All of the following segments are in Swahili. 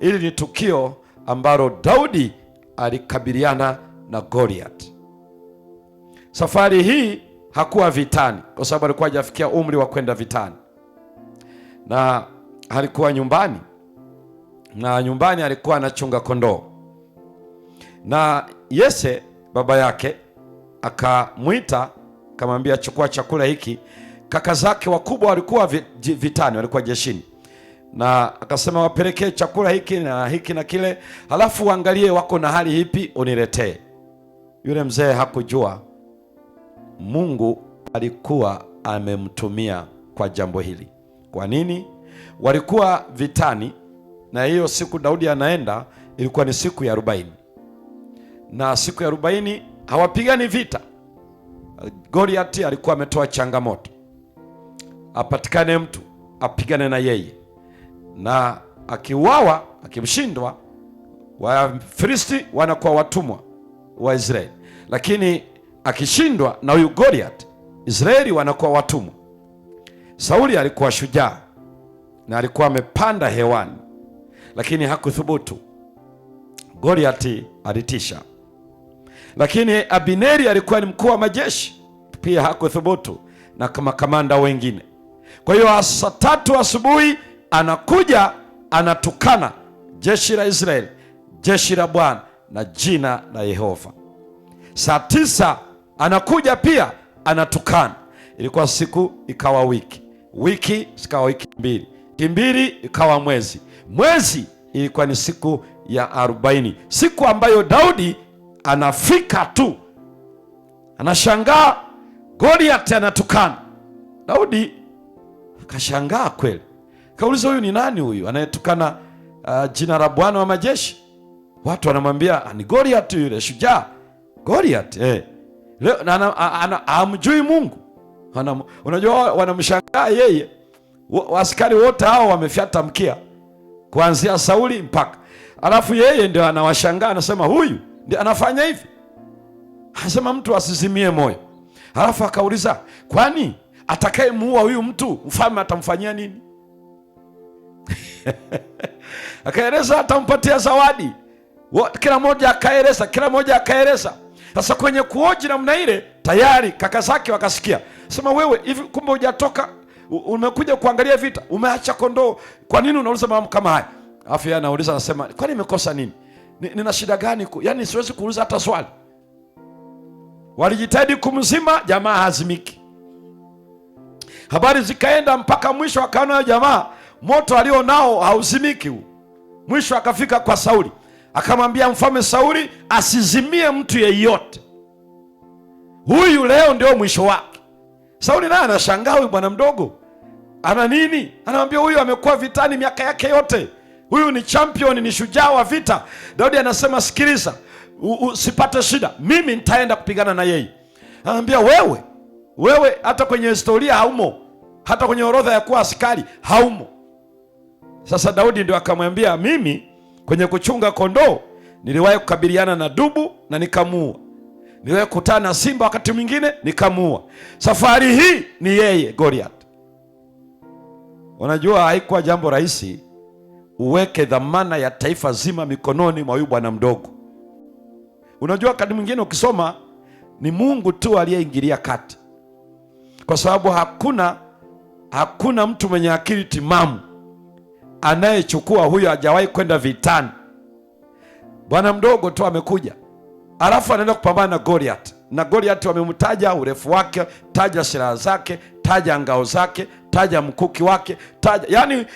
Hili ni tukio ambalo Daudi alikabiliana na Goliath. Safari hii hakuwa vitani, kwa sababu alikuwa hajafikia umri wa kwenda vitani, na alikuwa nyumbani, na nyumbani alikuwa anachunga kondoo, na Yese baba yake akamwita akamwambia, chukua chakula hiki. Kaka zake wakubwa walikuwa vitani, walikuwa jeshini na akasema wapelekee chakula hiki na hiki na kile, halafu uangalie wako na hali ipi uniletee. Yule mzee hakujua Mungu alikuwa amemtumia kwa jambo hili. Kwa nini? Walikuwa vitani, na hiyo siku Daudi anaenda ilikuwa ni siku ya arobaini, na siku ya arobaini hawapigani vita. Goliati alikuwa ametoa changamoto, apatikane mtu apigane na yeye na akiuawa, akimshindwa, Wafilisti wanakuwa watumwa wa Israeli, lakini akishindwa na huyu Goliath, Israeli wanakuwa watumwa. Sauli alikuwa shujaa na alikuwa amepanda hewani, lakini hakuthubutu. Goliath alitisha, lakini Abineri alikuwa ni mkuu wa majeshi pia, hakuthubutu na kama kamanda wengine. Kwa hiyo saa tatu asubuhi anakuja anatukana jeshi la Israeli, jeshi la Bwana na jina la Yehova. Saa tisa anakuja pia anatukana. Ilikuwa siku ikawa wiki, wiki zikawa wiki mbili, wiki mbili ikawa mwezi, mwezi ilikuwa ni siku ya arobaini, siku ambayo Daudi anafika tu anashangaa Goliath anatukana. Daudi akashangaa kweli, Kauliza, huyu ni nani huyu anayetukana uh, jina la Bwana wa majeshi? Watu wanamwambia ni Goliath yule shujaa Goliath, eh. Leo hamjui Mungu. Ana, unajua wanamshangaa yeye. Askari wote hao wamefyata mkia kuanzia Sauli mpaka. Alafu yeye ndio anawashangaa anasema huyu ndio anafanya hivi. Anasema mtu asizimie moyo. Alafu akauliza, kwani atakayemuua huyu mtu mfalme atamfanyia nini? akaeleza atampatia zawadi, kila mmoja akaeleza, kila mmoja akaeleza. Sasa kwenye kuoji namna ile, tayari kaka zake wakasikia, sema wewe hivi, kumbe hujatoka umekuja kuangalia vita, umeacha kondoo, kwa nini unauliza mambo kama haya? Alafu yeye anauliza anasema, kwani nimekosa nini? Nina shida gani? Yaani siwezi kuuliza hata swali. Walijitahidi kumzima jamaa, hazimiki. Habari zikaenda mpaka mwisho, akaona jamaa moto alio nao hauzimiki huu. Mwisho akafika kwa Sauli akamwambia mfalme Sauli, asizimie mtu yeyote, huyu leo ndio mwisho wake. Sauli naye anashangaa, huyu bwana mdogo ana nini? Anamwambia huyu amekuwa vitani miaka yake yote, huyu ni champion, ni shujaa wa vita. Daudi anasema sikiliza, usipate shida, mimi nitaenda kupigana na yeye. Anamwambia wewe, wewe hata kwenye historia haumo, hata kwenye orodha ya kuwa askari haumo sasa Daudi ndio akamwambia, mimi kwenye kuchunga kondoo niliwahi kukabiliana na dubu na nikamuua, niliwahi kukutana na simba wakati mwingine nikamuua, safari hii ni yeye Goliath. Unajua, haikuwa jambo rahisi uweke dhamana ya taifa zima mikononi mwa huyu bwana mdogo. Unajua, wakati mwingine ukisoma ni Mungu tu aliyeingilia kati, kwa sababu hakuna hakuna mtu mwenye akili timamu anayechukua huyo hajawahi kwenda vitani. Bwana mdogo tu amekuja, alafu anaenda kupambana na Goliath, na Goliath wamemtaja urefu wake, taja silaha zake, taja ngao zake, taja mkuki wake, taja yani,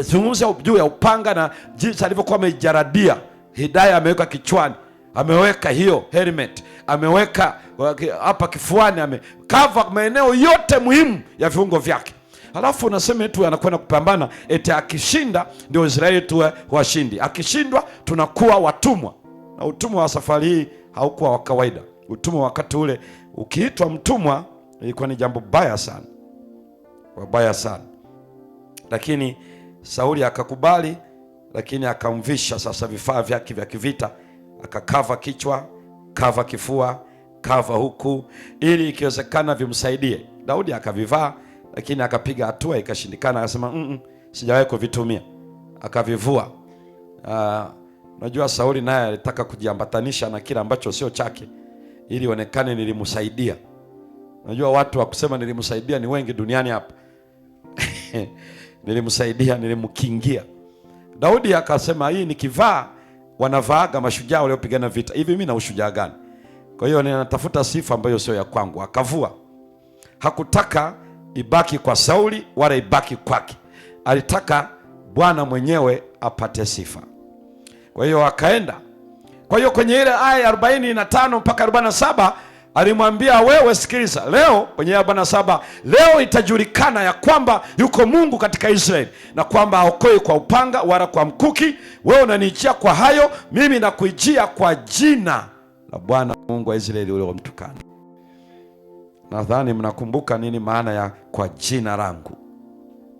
zungumza juu ya upanga na jinsi alivyokuwa amejaradia. Hidaya ameweka kichwani, ameweka hiyo helmet, ameweka uh, hapa kifuani, amekava maeneo yote muhimu ya viungo vyake. Halafu unasema eti anakwenda kupambana, eti akishinda ndio Israeli tuwe washindi, akishindwa tunakuwa watumwa. Na utumwa wa safari hii haukuwa wa kawaida. Utumwa wakati ule ukiitwa mtumwa ilikuwa ni jambo baya sana, wabaya sana, lakini Sauli akakubali, lakini akamvisha sasa vifaa vyake vya kivita, akakava kichwa, kava kifua, kava huku, ili ikiwezekana vimsaidie. Daudi akavivaa lakini akapiga hatua ikashindikana, akasema mm -mm, sijawahi kuvitumia, akavivua. Ah, unajua uh, Sauli naye alitaka kujiambatanisha na kile ambacho sio chake ili ionekane nilimsaidia. Unajua watu wa kusema nilimsaidia ni wengi duniani hapa nilimsaidia, nilimkingia. Daudi akasema hii nikivaa wanavaaga mashujaa waliopigana vita. Hivi mimi na ushujaa gani? Kwa hiyo ninatafuta sifa ambayo sio ya kwangu. Akavua, hakutaka ibaki kwa Sauli wala ibaki kwake. Alitaka Bwana mwenyewe apate sifa, kwa hiyo akaenda. Kwa hiyo kwenye ile aya 45 mpaka 47 alimwambia wewe, sikiliza leo, kwenye 47, leo itajulikana ya kwamba yuko Mungu katika Israeli na kwamba aokoi kwa upanga wala kwa mkuki. Wewe unanijia kwa hayo, mimi nakuijia kwa jina la Bwana Mungu wa Israeli uliomtukana. Nadhani mnakumbuka nini maana ya kwa jina langu.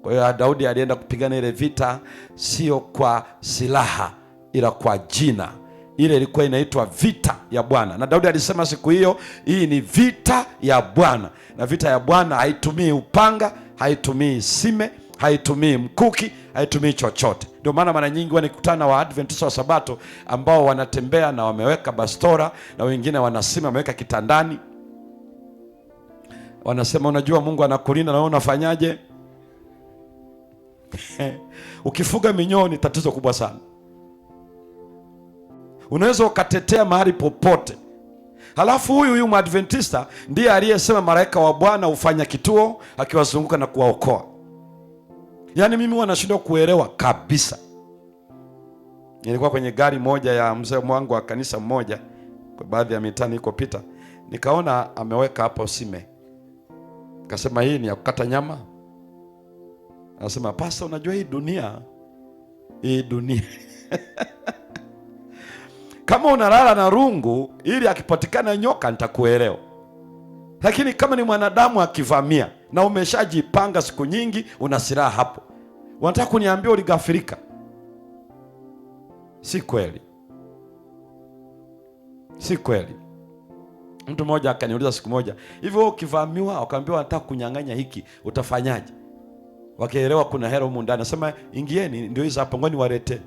Kwa hiyo Daudi alienda kupigana ile vita, sio kwa silaha, ila kwa jina. Ile ilikuwa inaitwa vita ya Bwana, na Daudi alisema siku hiyo, hii ni vita ya Bwana. Na vita ya Bwana haitumii upanga, haitumii sime, haitumii mkuki, haitumii chochote. Ndio maana mara nyingi wanikutana wa Waadventista wa Sabato ambao wanatembea na wameweka bastora na wengine wanasima, wameweka kitandani wanasema unajua, Mungu anakulinda na wewe unafanyaje? Ukifuga minyoo ni tatizo kubwa sana. Unaweza ukatetea mahali popote, halafu huyu huyu Mwadventista ndiye aliyesema malaika wa Bwana hufanya kituo akiwazunguka na kuwaokoa. Yaani mimi huwa nashindwa kuelewa kabisa. Nilikuwa kwenye gari moja ya mzee mwangu wa kanisa mmoja, kwa baadhi ya mitaani iko pita, nikaona ameweka hapo sime Kasema hii ni ya kukata nyama. Anasema pasta, unajua hii dunia hii dunia kama unalala na rungu ili akipatikana nyoka nitakuelewa, lakini kama ni mwanadamu akivamia na umeshajipanga siku nyingi, una silaha hapo, wanataka kuniambia uligafirika? Si kweli, si kweli. Mtu mmoja akaniuliza siku moja, hivyo ukivamiwa wakaambiwa wanataka kunyang'anya hiki utafanyaje? Wakielewa kuna hela humu ndani, nasema ingieni, ndio hizo hapo, ngoni warete.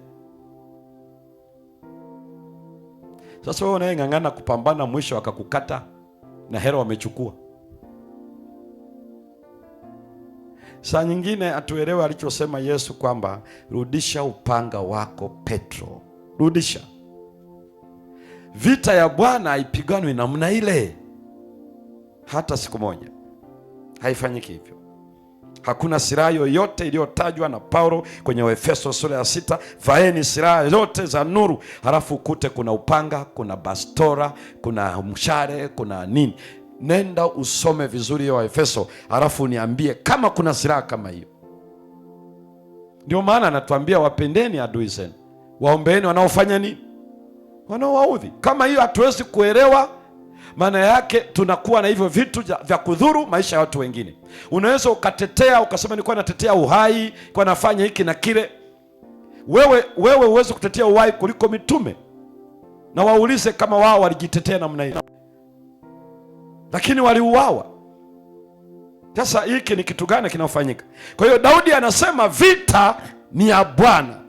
Sasa wewe unayeng'ang'ana kupambana, mwisho akakukata na hela wamechukua. Saa nyingine hatuelewe alichosema Yesu kwamba rudisha upanga wako Petro, rudisha Vita ya Bwana haipiganwi namna ile, hata siku moja haifanyiki hivyo. Hakuna silaha yoyote iliyotajwa na Paulo kwenye Waefeso sura ya sita, vaeni silaha zote za nuru. Halafu ukute kuna upanga, kuna bastora, kuna mshale, kuna nini. Nenda usome vizuri hiyo Waefeso, halafu niambie kama kuna silaha kama hiyo. Ndio maana anatuambia wapendeni adui zenu, waombeeni wanaofanya nini wanaowaudhi. Kama hiyo hatuwezi kuelewa, maana yake tunakuwa na hivyo vitu vya kudhuru maisha ya watu wengine. Unaweza ukatetea ukasema, nilikuwa natetea uhai, kwa nafanya hiki na kile. Wewe wewe huwezi kutetea uhai kuliko mitume, na waulize kama wao walijitetea namna hiyo, lakini waliuawa. Sasa hiki ni kitu gani kinafanyika? Kwa hiyo Daudi anasema vita ni ya Bwana.